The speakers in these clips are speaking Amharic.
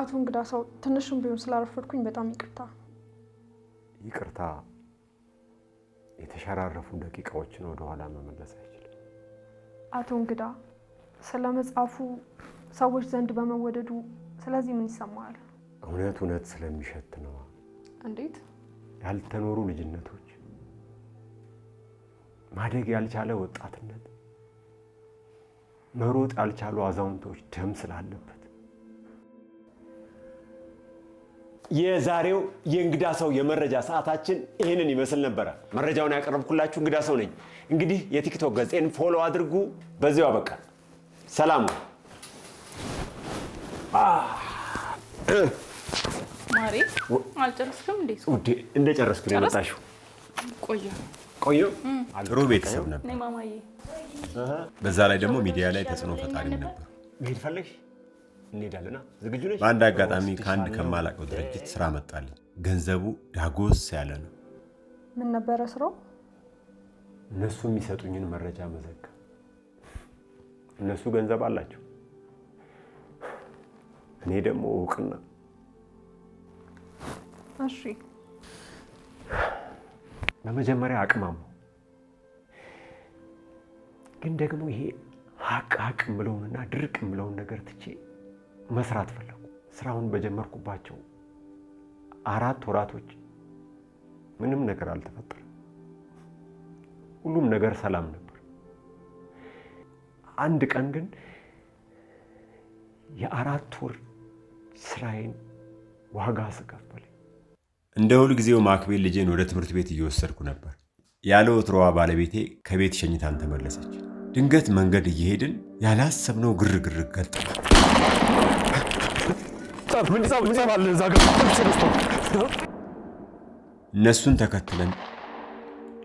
አቶ እንግዳ ሰው ትንሽም ቢሆን ስላረፈድኩኝ በጣም ይቅርታ። ይቅርታ የተሸራረፉ ደቂቃዎችን ወደኋላ መመለስ አይችልም። አቶ እንግዳ ስለ መጽሐፉ ሰዎች ዘንድ በመወደዱ ስለዚህ ምን ይሰማል? እውነት እውነት ስለሚሸት ነዋ። እንዴት ያልተኖሩ ልጅነቶች፣ ማደግ ያልቻለ ወጣትነት፣ መሮጥ ያልቻሉ አዛውንቶች ደም ስላለበት የዛሬው የእንግዳ ሰው የመረጃ ሰዓታችን ይህንን ይመስል ነበረ። መረጃውን ያቀረብኩላችሁ እንግዳ ሰው ነኝ። እንግዲህ የቲክቶክ ገጼን ፎሎ አድርጉ። በዚያው አበቃ። ሰላም ማሪ። አልጨረስክም እንዴ? እንደጨረስኩ ነው የመጣሽው። ቆየ ቆየ አግሮ ቤተሰብ ነበር። በዛ ላይ ደግሞ ሚዲያ ላይ ተጽዕኖ ፈጣሪ ነበር። ልሄድ ፈለግሽ? እንሄዳለና ዝግጁ ነች። በአንድ አጋጣሚ ከአንድ ከማላቀው ድርጅት ስራ መጣልኝ። ገንዘቡ ዳጎስ ያለ ነው። ምን ነበረ ስራው? እነሱ የሚሰጡኝን መረጃ መዘጋ። እነሱ ገንዘብ አላቸው፣ እኔ ደግሞ እውቅና። እሺ በመጀመሪያ አቅማሙ ግን ደግሞ ይሄ ሀቅ ሀቅ ብለውንና ድርቅ ብለውን ነገር ትቼ መስራት ፈለኩ። ስራውን በጀመርኩባቸው አራት ወራቶች ምንም ነገር አልተፈጠረም። ሁሉም ነገር ሰላም ነበር። አንድ ቀን ግን የአራት ወር ስራዬን ዋጋ ስከፍለኝ እንደ ጊዜው ማክቤል ልጄን ወደ ትምህርት ቤት እየወሰድኩ ነበር። ያለ ወትሮዋ ባለቤቴ ከቤት ሸኝታን ተመለሰች። ድንገት መንገድ እየሄድን ያላሰብነው ግርግር ገጠመን። እነሱን ተከትለን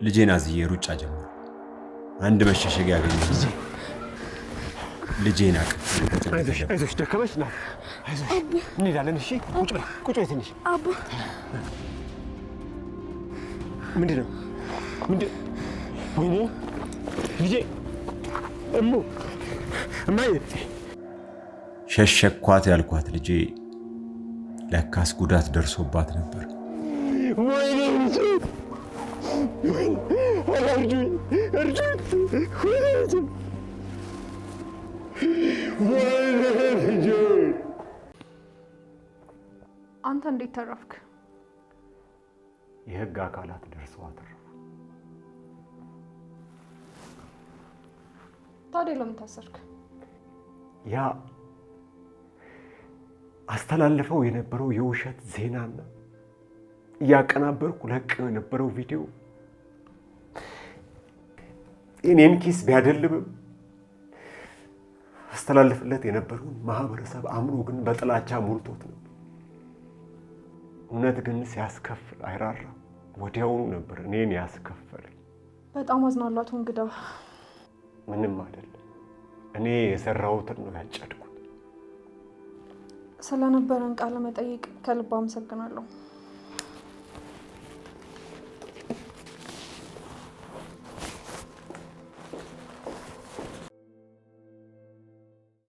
ልጄን አዝዬ ሩጫ ጀመር። አንድ መሸሸግ ያገኘ ልጄን አቅፍ ደከመች። ና፣ እንሄዳለን። እሺ ቁጭ በይ፣ ቁጭ በይ ትንሽ። ምንድን ነው ምንድን? ወይኔ ልጄ! እሙ እማዬ ሸሸኳት ያልኳት ልጄ ለካስ ጉዳት ደርሶባት ነበር። አንተ እንዴት ተረፍክ? የህግ አካላት ደርሰው አተረፉ። ታዲያ ለምን ታሰርክ? ያ አስተላልፈው የነበረው የውሸት ዜናና እያቀናበርኩ ለቀው የነበረው ቪዲዮ እኔን ኪስ ቢያደልብም አስተላልፍለት የነበረውን ማህበረሰብ አእምሮ ግን በጥላቻ ሞልቶት ነው። እውነት ግን ሲያስከፍል አይራራም። ወዲያውኑ ነበር እኔን ያስከፈለኝ። በጣም አዝናላቱ እንግዳ። ምንም አይደለም። እኔ የሰራሁትን ነው ያጨድኩ ስለነበረን ቃለ መጠይቅ ከልብ አመሰግናለሁ።